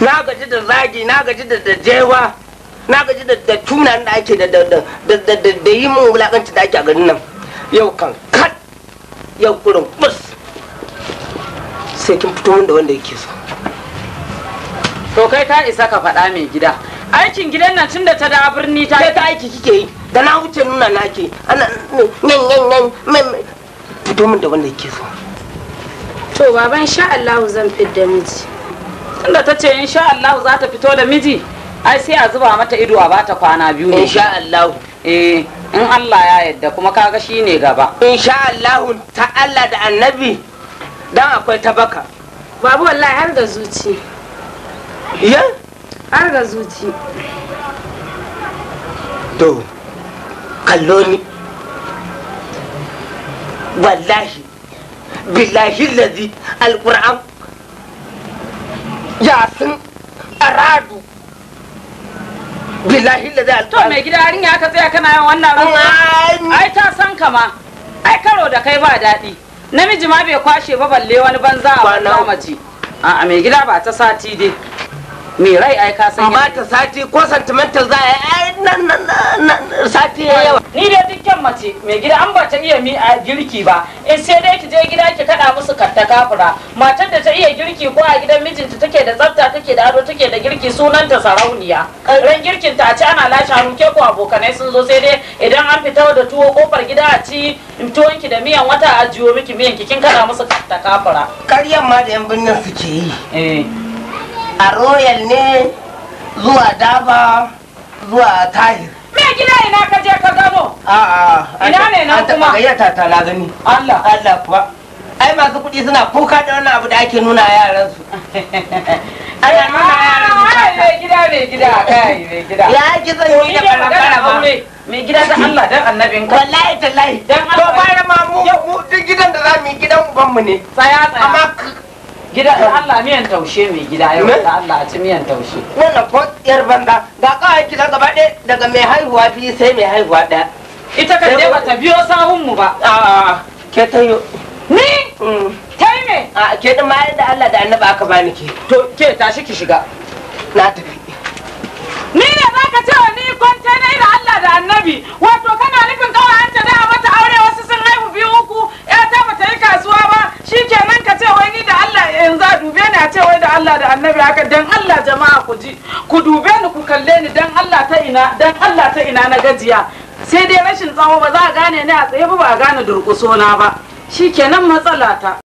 na gaji da zagi na gaji da dajewa na gaji da tunan da ake da yi mun wulakanci da ake a garin nan yau kan kat yau kurin bus sai kin fito min da wanda yake so to kai ta isa ka faɗa mai gida aikin gidan nan tun da ta da birni ta ta aiki kike yi da na wuce nuna na ke ana yan yan yan fito min da wanda yake so to baban sha zan fidda miji tunda ta ce insha Allah za ta fito da miji ai sai a zuba mata ido a bata kwana biyu ne insha Allah eh in Allah ya yadda kuma kaga shine gaba insha Allah ta Allah da annabi dan akwai tabaka babu wallahi har ga zuci ya har ga zuci to kallo ni wallahi billahi lazi alquran sun aradu billahi da zai to mai gida harin ya ka tsaya kana yin wannan ruwa ai ta san kama ai karo da kai ba daɗi namiji ma bai kwashe ba balle wani banza a wannan mace a mai gida ba ta sati dai mai rai ai ka san amma ta sati ko sentimental za a yi nan sati ya yawa ni dai dukkan mace mai gida an ba ta iya mi a girki ba in eh, sai dai ki je gida ki kada musu katta kafura matar da ta iya girki ko a gidan mijinta take da tsafta take da ado take da girki sunanta sarauniya ran girkin ta a ci ana lashe hannu ke ko abokanai sun zo sai dai idan an fita da tuwo kofar gida a ci tuwon ki da miyan wata a jiyo miki miyan ki kin kada musu katta kafura karyan ma da yan binnin suke yi eh a royal ne zuwa daba zuwa tahir ina ka je ka a'a ina ne na kuma an gayyata ta na gani Allah Allah kuwa ai masu kuɗi suna kuka da wannan abu da ake nuna yaran su ana nuna yaran su ah, mai gida mai gida kai mai gida ya ji zan yi da karambara ba mai gida da Allah dan annabin ka wallahi tallahi to bayan ma mu duk gidan da za mu yi gidan uban mu ne tsaya tsaya amma gida da Allah miyan taushe mai gida yau da Allah a ci miyan taushe wannan ko yar banda ga kawai kika gaba ɗaya daga mai haihuwa biyu sai mai haihuwa ɗaya ita ka je ba ta biyo sahun mu ba a'a ke ta yo ni ta mm. me a ke din ma da Allah da annaba aka bani ke to ke tashi ki shiga na tafi ni ne za baka ce annabi haka dan Allah jama'a ku ji ku dube ni ku kalle ni dan Allah ta ina dan Allah ta ina na gajiya sai dai rashin tsawo ba za a gane ni a tsaye ba ba a gane durƙuso na ba shikenan matsala ta